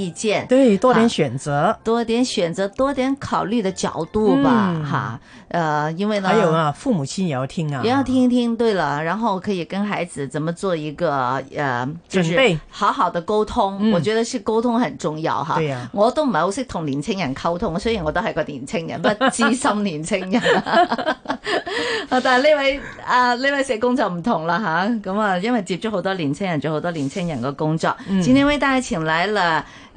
意見對多點選擇、啊，多點選擇，多點考慮的角度吧，嗯、哈，呃，因為呢，還有啊，父母親也要聽啊，也要聽一聽。對了，然後可以跟孩子怎麼做一個，呃，就是好好的溝通。準備。我覺得是溝通很重要，嗯、哈。對呀、啊，我都唔係好識同年輕人溝通，雖然我都係個年輕人，不知心年輕人。但係呢位啊呢位社工就唔同啦，哈，咁啊，因為接觸好多年輕人，做好多年輕人嘅工作。今天為大家請來了。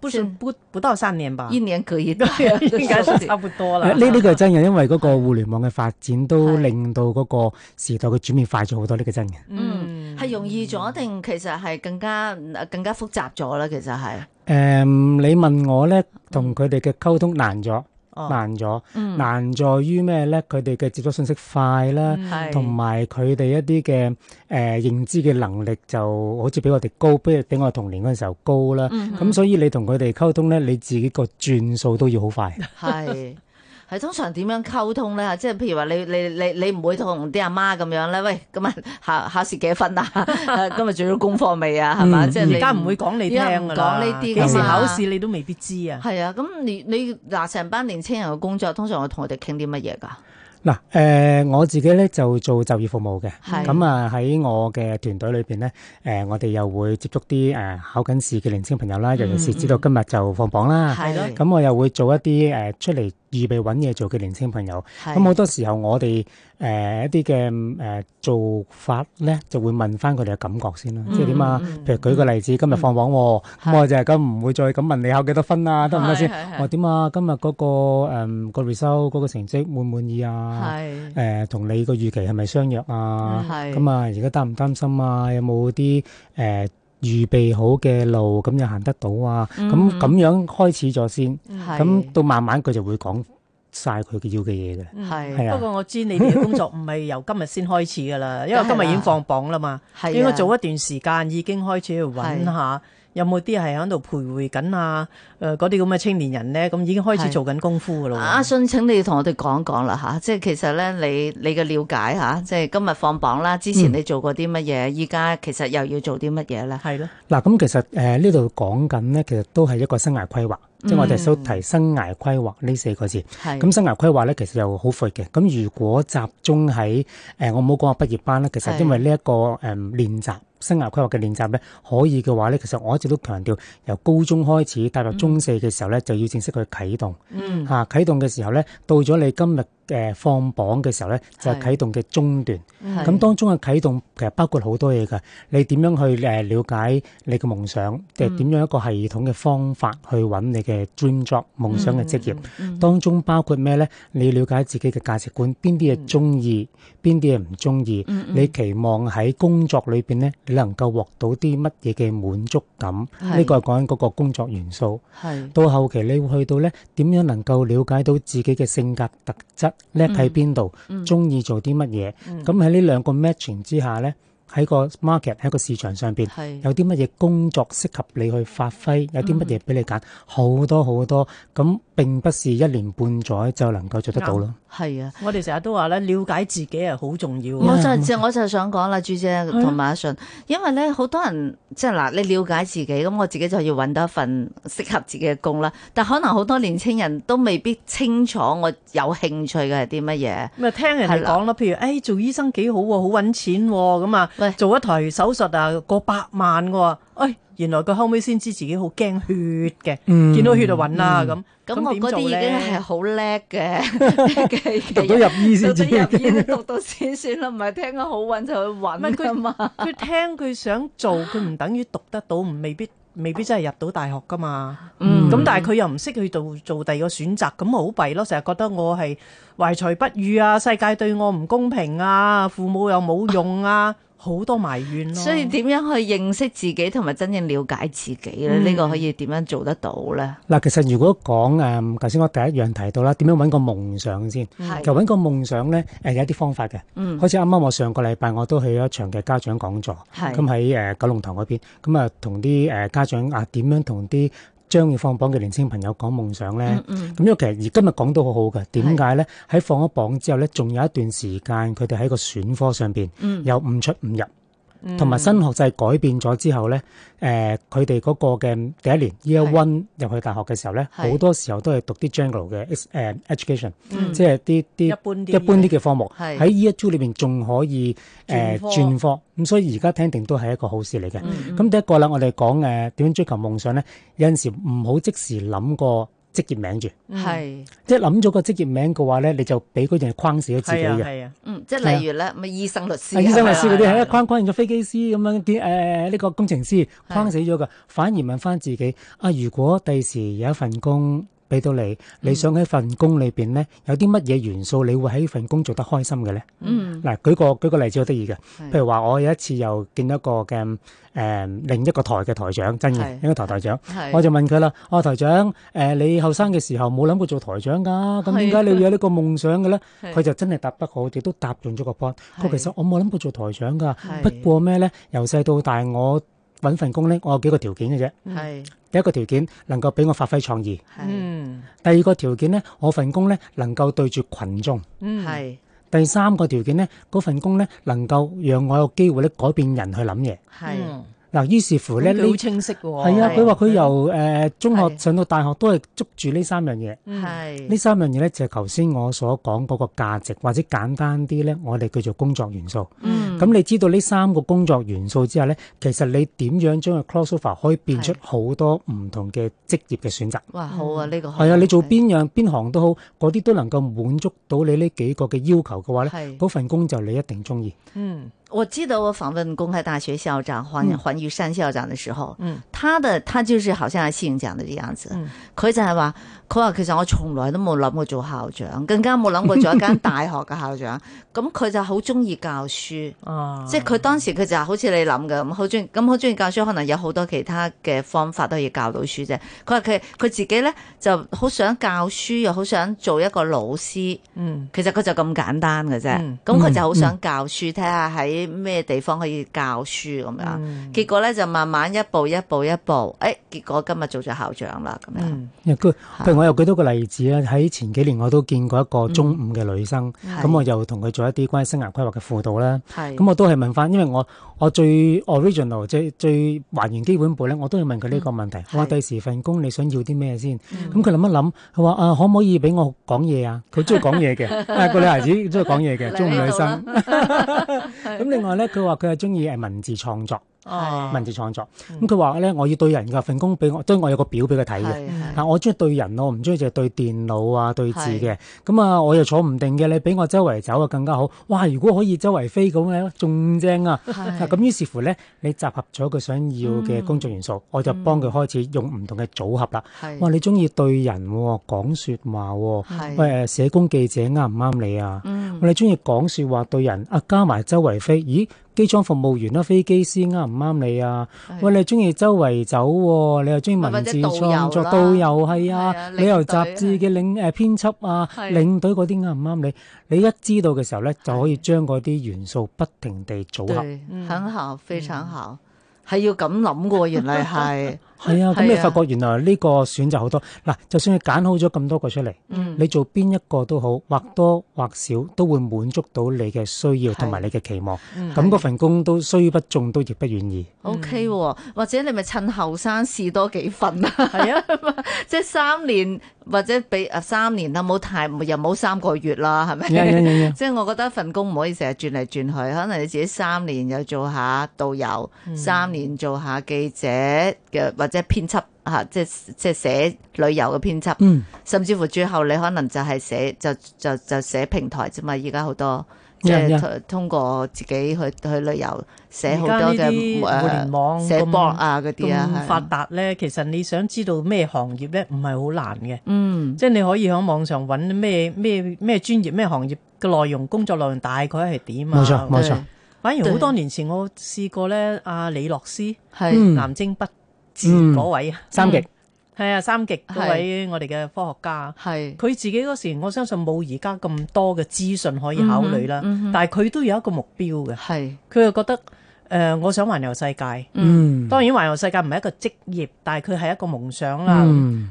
不算不不到三年吧，一年可以都係，應該是差不多啦。呢呢個係真嘅，因為嗰個互聯網嘅發展都令到嗰個時代佢轉變快咗好多，呢個真嘅。嗯，係容易咗定其實係更加更加複雜咗啦。其實係誒，你問我咧，同佢哋嘅溝通難咗。難咗，哦嗯、難在於咩咧？佢哋嘅接觸信息快啦，同埋佢哋一啲嘅誒認知嘅能力就好似比我哋高，不如比我童年嗰陣時候高啦。咁、嗯嗯、所以你同佢哋溝通咧，你自己個轉數都要好快。係是。 係通常點樣溝通咧？即係譬如話你你你你唔會同啲阿媽咁樣咧？喂，今日考考試幾多分啊？今日做咗功課未啊？係 嘛？即係你而家唔會講你聽噶啦，講呢啲嘛？幾時考試你都未必知啊？係啊的，咁你你嗱成班年青人嘅工作，通常會同我哋傾啲乜嘢噶？嗱、嗯，誒、呃，我自己咧就做就業服務嘅，咁啊喺我嘅團隊裏邊咧，誒、呃，我哋又會接觸啲誒考緊試嘅年青朋友啦，尤其是知道今日就放榜啦，咁的的我又會做一啲誒出嚟。預備揾嘢做嘅年輕朋友，咁好是多時候我哋誒、呃、一啲嘅誒做法咧，就會問翻佢哋嘅感覺先啦。嗯嗯嗯，即係點啊？譬如舉個例子，嗯嗯嗯，今日放榜喎、啊，咁、嗯嗯、我就係咁，唔會再咁問你考幾多分啊？得唔得先？是是是，我點啊？今日嗰、那個誒、呃、個 result 嗰個成績滿唔滿意啊？係誒是，同、呃、你個預期係咪相若啊？咁啊是，而家、嗯、擔唔擔心啊？有冇啲誒？呃呃預備好嘅路咁又行得到啊！咁咁、嗯、樣開始咗先，咁的到慢慢佢就會講晒佢要嘅嘢嘅。係的的不過我知你哋嘅工作唔係由今日先開始㗎啦， 因為今日已經放榜啦嘛，應該早一段時間已經開始去揾下的。有冇啲係喺度徘徊緊啊？誒、呃，嗰啲咁嘅青年人咧，咁已經開始做緊功夫噶啦喎。阿信，請你同我哋講一講啦嚇，即係其實咧，你你嘅了解嚇，即係今日放榜啦，之前你做過啲乜嘢，依家、嗯、其實又要做啲乜嘢咧？係咯的。嗱，咁其實誒呢度講緊咧，其實、呃、其實都係一個生涯規劃。嗯、即係我哋想提生涯規劃呢四個字，咁是生涯規劃咧，其實又好闊嘅。咁如果集中喺誒、呃，我冇講下畢業班啦。其實因為呢、這、一個誒練習生涯規劃嘅練習咧，可以嘅話咧，其實我一直都強調，由高中開始踏入中四嘅時候咧，嗯、就要正式去啟動。嗯，嚇、啊、啟動嘅時候咧，到咗你今日。嘅、呃、放榜嘅時候咧，就係、啟動嘅中段。咁當中嘅啟動其實包括好多嘢㗎。你點樣去誒了解你嘅夢想？誒點、嗯、樣一個系統嘅方法去揾你嘅 dream job、夢想嘅職業？嗯嗯、當中包括咩咧？你了解自己嘅價值觀，邊啲係中意？嗯邊啲嘢唔中意？你期望喺工作裏邊咧，你能夠獲得啲乜嘢嘅滿足感？呢個係講緊嗰個工作元素。到後期你會去到咧，點樣能夠瞭解到自己嘅性格特質叻喺邊度，中意做啲乜嘢？咁喺呢兩個 matching 之下咧，喺個 market 喺個市場上邊有啲乜嘢工作適合你去發揮？有啲乜嘢俾你揀？好多好多咁。並不是一年半載就能夠做得到咯。係啊，啊我哋成日都話咧，了解自己係好重要。啊、我就就想講啦，啊、朱姐同埋阿信，因為咧好多人即係嗱，你了解自己咁，我自己就要搵到一份適合自己嘅工啦。但可能好多年輕人都未必清楚我有興趣嘅係啲乜嘢。咁、啊、聽人哋講咯，譬如誒、哎，做醫生幾好喎，好搵錢咁、嗯、啊，做一台手術啊，過百萬喎，哎原來佢後尾先知自己好驚血嘅，嗯、見到血就暈啦咁。咁我啲已經係好叻嘅。 讀到入醫先知。 讀到入醫讀到先算啦，唔係聽得好揾就去揾。佢聽佢想做，佢唔等於讀得到，唔未必未必真係入到大學噶嘛。咁、嗯嗯、 但係佢又唔識去做做第二個選擇，咁咪好弊咯？成日覺得我係懷才不遇啊，世界對我唔公平啊，父母又冇用啊。 好多埋怨咯，啊，所以點樣去認識自己同埋真正了解自己咧？呢、嗯、個可以點樣做得到咧？嗱，其實如果講誒，頭先我第一樣提到啦，點樣搵個夢想先？就搵係個夢想咧，誒、呃，有一啲方法嘅。嗯，好似啱啱我上個禮拜我都去咗一場嘅家長講座，咁喺誒九龍塘嗰邊，咁啊同啲誒家長啊，點樣同啲。將要放榜嘅年輕朋友講夢想咧，咁、嗯嗯、因為其實而今日講都好好嘅。點解咧？喺是放咗榜之後咧，仲有一段時間，佢哋喺個選科上面有五出五入。同埋、嗯、新學制改變咗之後咧，誒佢哋嗰個嘅第一年是 Year One 入去大學嘅時候咧，好是多時候都係讀啲 general 嘅誒 education，即係啲啲一般啲嘅科目。喺 Year Two 裏邊仲可以誒轉科，咁、呃、所以而家聽定都係一個好事嚟嘅。咁、嗯嗯、第一個啦，我哋講誒點樣追求夢想咧，有陣時唔好即時諗過職、嗯、業名住係，即係諗咗個職業名嘅話咧，你就俾嗰人框死咗自己嘅。啊啊、嗯，即係例如咧，咪、啊、醫生、律師、啊啊、醫生、律師嗰啲係框框完咗飛機師咁樣啲誒，呢、呃這個工程師框死咗噶，啊、反而問翻自己啊，如果第時有一份工。俾到你，你想喺份工裏邊咧，有啲乜嘢元素，你會喺呢份工做得開心嘅咧？嗯，嗱，舉個舉個例子好得意嘅，譬如話，我有一次又見到一個嘅誒另一個台嘅台長，真嘅，另一個台台長，我就問佢啦：哦台長誒，你後生嘅時候冇諗過做台長㗎？咁點解你要有呢個夢想嘅咧？佢就真係答得好，亦都答中咗個 point。佢，其實我冇諗過做台長㗎，不過咩咧？由細到大我。搵份工呢，我有幾個條件嘅啫。係是第一個條件，能夠俾我發揮創意。係是第二個條件呢，我份工呢能夠對住群眾。嗯是，係第三個條件呢，嗰份工呢能夠讓我有機會咧改變人去諗嘢。係是。嗱，於是乎咧，好清晰、哦、啊，佢話佢由誒、呃、中學上到大學都係捉住呢三樣嘢。係呢是三樣嘢咧，就係頭先我所講嗰個價值，或者簡單啲咧，我哋叫做工作元素。嗯，咁、嗯嗯、你知道呢三個工作元素之後咧，其實你點樣將個 cross over 可以變出好多唔同嘅職業嘅選擇。哇，好啊，呢、這個係、嗯、啊，你做邊樣邊行都好，嗰啲都能夠滿足到你呢幾個嘅要求嘅話咧，嗰份工就你一定中意。嗯是。是 我記得我訪問公開大學校長黃黃玉山校長的時候，嗯，嗯他的他就是好似阿施院長啲樣子，佢、嗯、就係話佢話其實我從來都冇諗過做校長，更加冇諗過做一間大學嘅校長。咁佢 就好中意教書，哦、即係佢當時佢就好似你諗嘅咁好中意，咁好中意教書，可能有好多其他嘅方法都可以教到書啫。佢話佢佢自己咧就好想教書，又好想做一個老師。嗯、其實佢就咁簡單嘅啫。咁佢、嗯嗯、就好想教書，睇下喺咩地方可以教書咁樣。嗯、結果咧就慢慢一步一步一，步一，步一，步一步。一步誒、哎，結果今日做咗校長啦，咁樣、嗯。譬是如我又舉多個例子咧，喺前幾年我都見過一個中五嘅女生，咁是我又同佢做一啲關於生涯規劃嘅輔導啦。咁是我都係問翻，因為我我最 original，最最還原基本步咧，我都要問佢呢個問題：我話第時份工你想要啲咩先？咁佢諗一諗，佢、啊、話啊，可唔可以俾我講嘢啊？佢中意講嘢嘅，啊個女孩子講 中意講嘢嘅，中五女生。咁、啊、 另外咧，佢話佢係中意誒文字創作。係文字創作，咁佢話咧，我要對人噶份工俾我，即係我有個表俾佢睇嘅。係、啊、我中意對人咯，唔中意就對電腦啊對字嘅。咁是啊，我又坐唔定嘅，你俾我周圍走啊更加好。哇，如果可以周圍飛咁咧，仲正是啊！咁於是乎咧，你集合咗佢想要嘅工作元素，嗯、我就幫佢開始用唔同嘅組合啦。嗯、哇，你中意對人講、啊、說話、啊，係是，誒，社工記者啱唔啱你啊？嗯、啊你中意講說話對人，啊，加埋周圍飛，咦？機艙服務員啦，飛機師啱唔啱你啊？的喂，你中意周圍走喎，你又中意文字創作，是是導遊係啊？遊的旅遊雜誌嘅領誒的編輯啊、的領隊嗰啲啱唔啱你？你一知道嘅時候咧，的就可以將嗰啲元素不停地組合。嗯、很好，非常好。嗯係要咁諗嘅喎， 原嚟係是。係啊，咁、啊、你發覺原來呢個選擇好多。嗱、啊，就算你揀好咗咁多個出嚟，嗯、你做邊一個都好，或多或少都會滿足到你嘅需要同埋你嘅期望。咁嗰、啊啊、份工都雖不中，都亦不遠矣。O K，、啊啊嗯、或者你咪趁後生試多幾份 啊？係啊，即係三年。或者俾三年啦，冇太又冇三個月啦，係咪？即係、yeah, yeah , yeah. 我覺得份工唔可以成日轉嚟轉去，可能你自己三年又做下導遊，mm. 三年做下記者嘅或者編輯吓，即係即係寫旅遊嘅編輯，mm. 甚至乎最後你可能就係寫就就就，就寫平台啫嘛，而家好多。即係通過自己去去旅遊，寫好多嘅互聯網個波 l o g 啊、嗰啲啊，咁發達咧。其實你想知道咩行業咧，唔係好難嘅。嗯，即係你可以喺網上揾咩咩咩專業咩行業嘅內容，工作內容大概係點啊？冇錯冇錯。反而好多年前我試過咧，阿李洛斯係南征北戰嗰位啊，三極。係啊，三極各位我哋嘅科學家，佢自己嗰時我相信冇而家咁多嘅資訊可以考慮啦，嗯嗯、但係佢都有一個目標嘅，佢是就覺得誒、呃，我想環遊世界。嗯、當然環遊世界唔係一個職業，但係佢係一個夢想啦。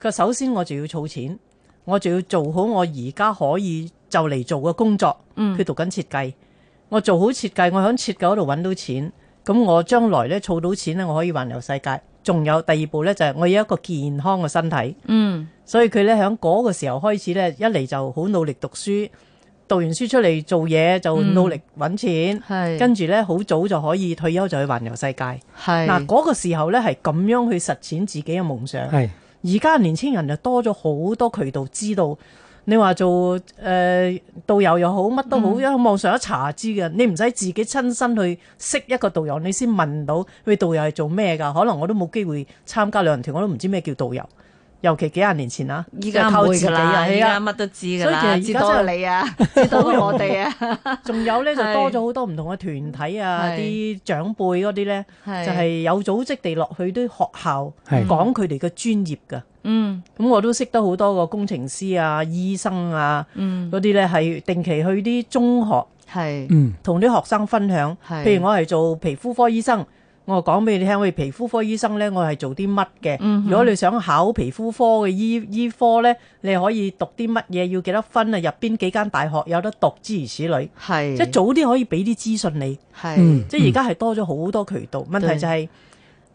佢、嗯、首先我就要儲錢，我就要做好我而家可以就嚟做嘅工作。佢、嗯、讀緊設計，我做好設計，我響設計嗰度揾到錢，咁我將來呢，儲到錢呢，我可以環遊世界。仲有第二步呢，就係、是、我要一個健康嘅身體。嗯，所以佢呢，喺嗰個時候開始呢，一嚟就好努力讀書，讀完書出嚟做嘢，就努力揾錢，嗯、跟住呢，好早就可以退休，就去環遊世界。係嗱是，嗰、啊嗰個時候呢，係咁樣去實踐自己嘅夢想。係而家年青人就多咗好多渠道知道。你話做誒、呃、導遊又好，乜都好，一喺網上一查知嘅，你唔使自己親身去識一個導遊，你先問到，佢導遊係做咩㗎？可能我都冇機會參加旅行團，我都唔知咩叫導遊。尤其幾廿年前啦，依家透知啦，依家乜都知噶啦，所以其實知道你啊，知道我哋啊，仲有咧就多咗好多唔同嘅團體啊，啲長輩嗰啲咧，就係有組織地落去啲學校講佢哋嘅專業噶。嗯，咁我都識得好多個工程師啊、醫生啊，嗰啲咧係定期去啲中學，係，同啲學生分享。譬如我係做皮膚科醫生。我講俾你聽，我哋皮膚科醫生呢，我係做啲乜嘅？如果你想考皮膚科嘅醫醫科呢，你可以讀啲乜嘢？要幾多分啊？入邊幾間大學有得讀諸如此類，是即係早啲可以俾啲資訊你。是嗯、即係而家係多咗好多渠道，對問題就係、是。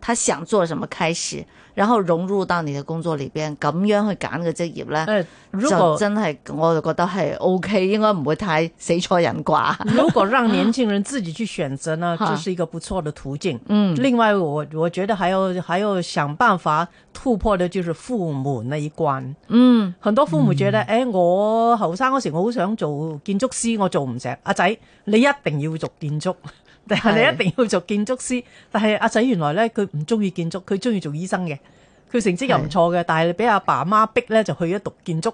他想做什麼開始，然後融入到你的工作裏邊，咁樣去揀嘅職業呢，如果真係我就覺得係 OK，應該唔會太死錯人啩。如果讓年輕人自己去選擇呢， 就是一個不錯的途徑。嗯， 另外我我覺得還要還要想辦法突破嘅就是父母那一關。嗯， 很多父母覺得，誒、 哎，我後生嗰時我好想做建築師，我做唔成。阿仔，你一定要做建築。定係你一定要做建築師，但係阿仔原來呢，佢唔中意建築，佢中意做醫生嘅，佢成績又唔錯嘅，是的 但係你俾阿爸阿媽逼呢，就去咗讀建築，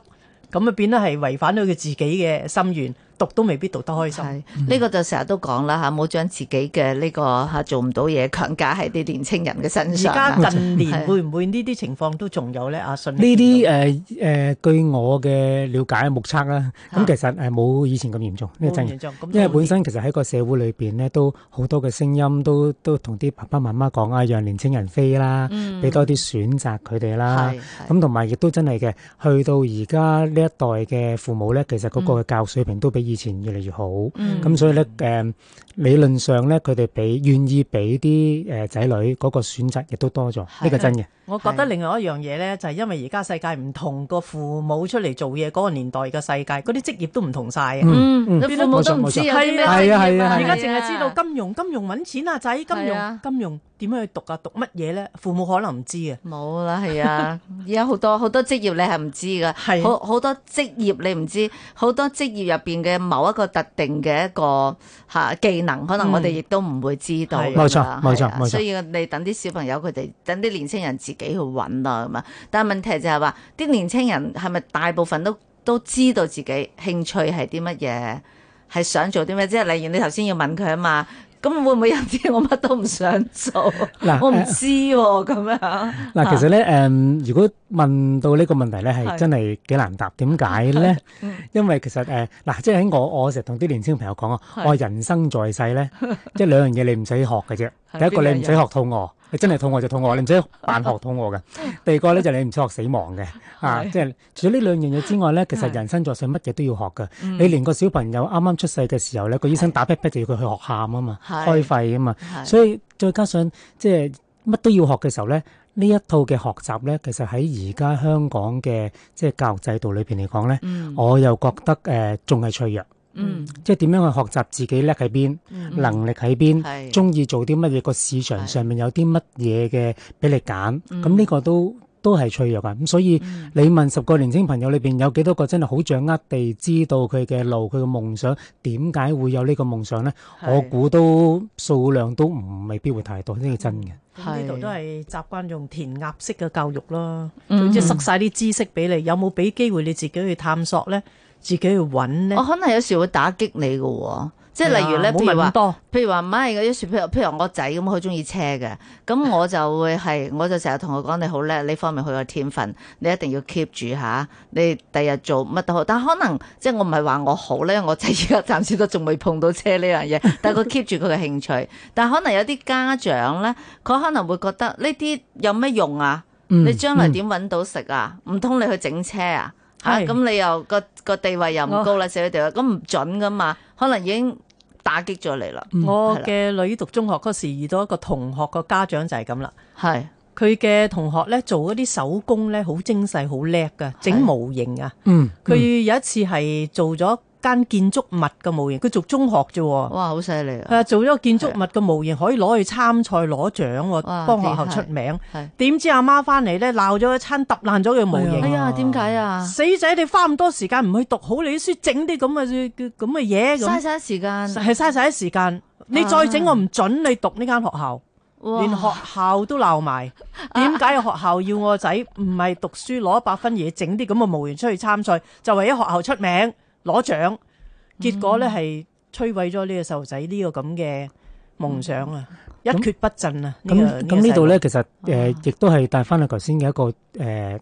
咁啊變得係違反咗佢自己嘅心願。讀都未必讀得開心。係呢個就成日都講啦吓，冇將自己嘅呢個吓做唔到嘢強加喺啲年青人嘅身上。而家近年會唔會呢啲情況都仲有咧？阿信呢啲誒誒，據我嘅了解目測啦，咁其實誒冇以前咁嚴重。冇咁嚴重，因為本身其實喺個社會裏邊咧，都好多嘅聲音都都同啲爸爸媽媽講啊，讓年青人飛啦，俾多啲選擇佢哋啦。咁同埋亦都真係嘅，去到而家呢一代嘅父母咧，其實嗰個嘅教育水平都比以前越嚟越好，咁所以咧，誒，理論上咧，佢哋俾願意俾啲誒仔女嗰個選擇亦都多咗，呢個真嘅。我覺得另外一樣嘢咧，就係因為而家世界唔同個父母出嚟做嘢嗰個年代嘅世界，嗰啲職業都唔同晒嘅。嗯，父母都唔知係啊係啊係啊，而家淨係知道金融，金融搵錢啊仔，金融金融。點樣去讀啊？讀乜嘢咧？父母可能唔知嘅。冇啦，係啊！而家好多好多職業你係唔知㗎，好好 多職業你唔知，好多職業入邊嘅某一個特定嘅一個嚇技能，可能我哋亦都唔會知道。冇錯、嗯，冇錯、啊，冇錯、啊啊。所以你等啲小朋友佢哋，等啲年青人自己去揾啦咁啊！但係問題就係、是、話，啲年青人係咪大部分都都知道自己興趣係啲乜嘢，係想做啲咩？即係例如你頭先要問佢啊嘛。咁會唔會有啲我乜都唔想做？嗱喇，我唔知喎咁、啊、喇樣嗱，其實咧誒、呃，如果問到呢個問題咧，係真係幾難答。點解咧？為呢 因為其實誒，嗱，即係喺我我成日同啲年輕朋友講啊，我，人，是我人生在世咧，即係兩樣嘢你唔使學嘅啫。 第一個你唔使學肚餓。你真係肚餓就肚餓，你唔使扮學肚餓嘅。第二個咧就係你唔使學死亡嘅 的啊，即、就、係、是、除咗呢兩樣嘢之外咧，的其實人生在世乜嘢都要學嘅。嗯、你連個小朋友啱啱出世嘅時候咧，的個醫生打逼逼就要佢去學喊啊嘛，的開肺啊嘛，的所以再加上即係乜都要學嘅時候咧，呢一套嘅學習咧，其實喺而家香港嘅即係教育制度裏邊嚟講咧，嗯、我又覺得誒仲係脆弱。嗯，即係點樣去學習自己叻喺邊，能力喺邊，中意做啲乜嘢，個市場上面有啲乜嘢嘅俾你揀，咁呢個都都係脆弱噶。咁所以你問十個年輕朋友裏邊有幾多個真係好掌握地知道佢嘅路，佢嘅夢想點解會有呢個夢想呢？我估都數量都唔未必會太多，呢個真嘅。咁呢度都係習慣用填鴨式嘅教育咯，總之塞晒啲知識俾你，有冇俾機會你自己去探索呢？自己去揾咧，我可能有時會打擊你嘅，即係例如咧的，譬如話，譬如話，唔係有時，譬如譬如我仔咁，好中意車嘅，咁我就會係， 我就成日同佢講，你好叻，呢方面佢有天分，你一定要 keep 住吓，你第日做乜都好。但可能即係我唔係話我好咧，我仔而家暫時都仲未碰到車呢樣嘢，但佢 keep 住佢嘅興趣。 但可能有啲家長咧，佢可能會覺得呢啲有咩用啊？嗯、你將來點搵到食啊？唔通你去整車啊？吓，咁是、啊、你又個個地位又唔高啦，社會我地位，咁唔准噶嘛，可能已經打擊咗你啦。我嘅女讀中學嗰時遇到一個同學個家長就係咁啦，係佢嘅同學咧做嗰啲手工咧，好精細，好叻噶，整模型啊，嗯是，佢有一次係做咗間建築物嘅模型，佢讀中學啫。哇，好犀利！係啊，做咗個建築物嘅模型，啊、可以攞去參賽攞獎，幫哇學校出名。點知阿媽翻嚟呢，鬧咗一餐，揼爛咗佢模型。哎呀，點解啊？死仔，你花咁多時間唔去讀好你啲書，整啲咁嘅嘅咁嘅嘢，嘥晒時間。係嘥晒時間。啊、你再整，我唔准你讀呢間學校，啊、連學校都鬧埋。點解哇學校要我個仔唔係讀書攞一百分，嘢，整啲咁嘅模型出去參賽，就為咗學校出名？攞獎，結果咧係摧毀咗呢個細路仔呢個咁嘅夢想啊！一蹶不振啊！咁咁呢度咧，其實誒亦都係帶翻去頭先嘅一個誒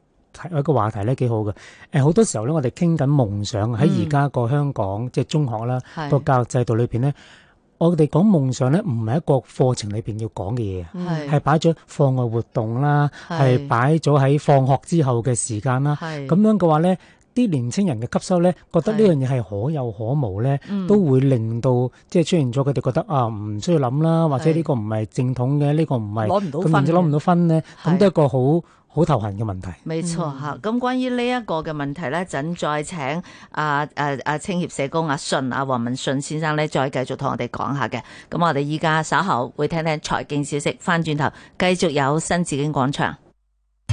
一個話題咧，幾好嘅。誒好多時候咧，我哋傾緊夢想喺而家個香港即係中學啦個教育制度裏邊咧，我哋講夢想咧，唔係一個課程裏邊要講嘅嘢，係擺咗課外活動啦，係擺咗喺放學之後嘅時間啦。咁樣嘅話咧。啲年青人嘅吸收咧，覺得呢樣嘢係可有可無咧，是都會令到即係、就是、出現咗佢哋覺得啊，唔需要諗啦，或者呢個唔係正統嘅，呢是個唔係攞唔到分，攞唔到分呢，咁是都係一個好好頭痕嘅問題。冇錯嚇，咁、啊、關於呢一個嘅問題咧，陣再請阿阿阿青協社工阿信阿黃文信黃民信先生咧，再繼續同我哋講下嘅。咁我哋依家稍後會聽聽財經消息，翻轉頭繼續有新紫荊廣場。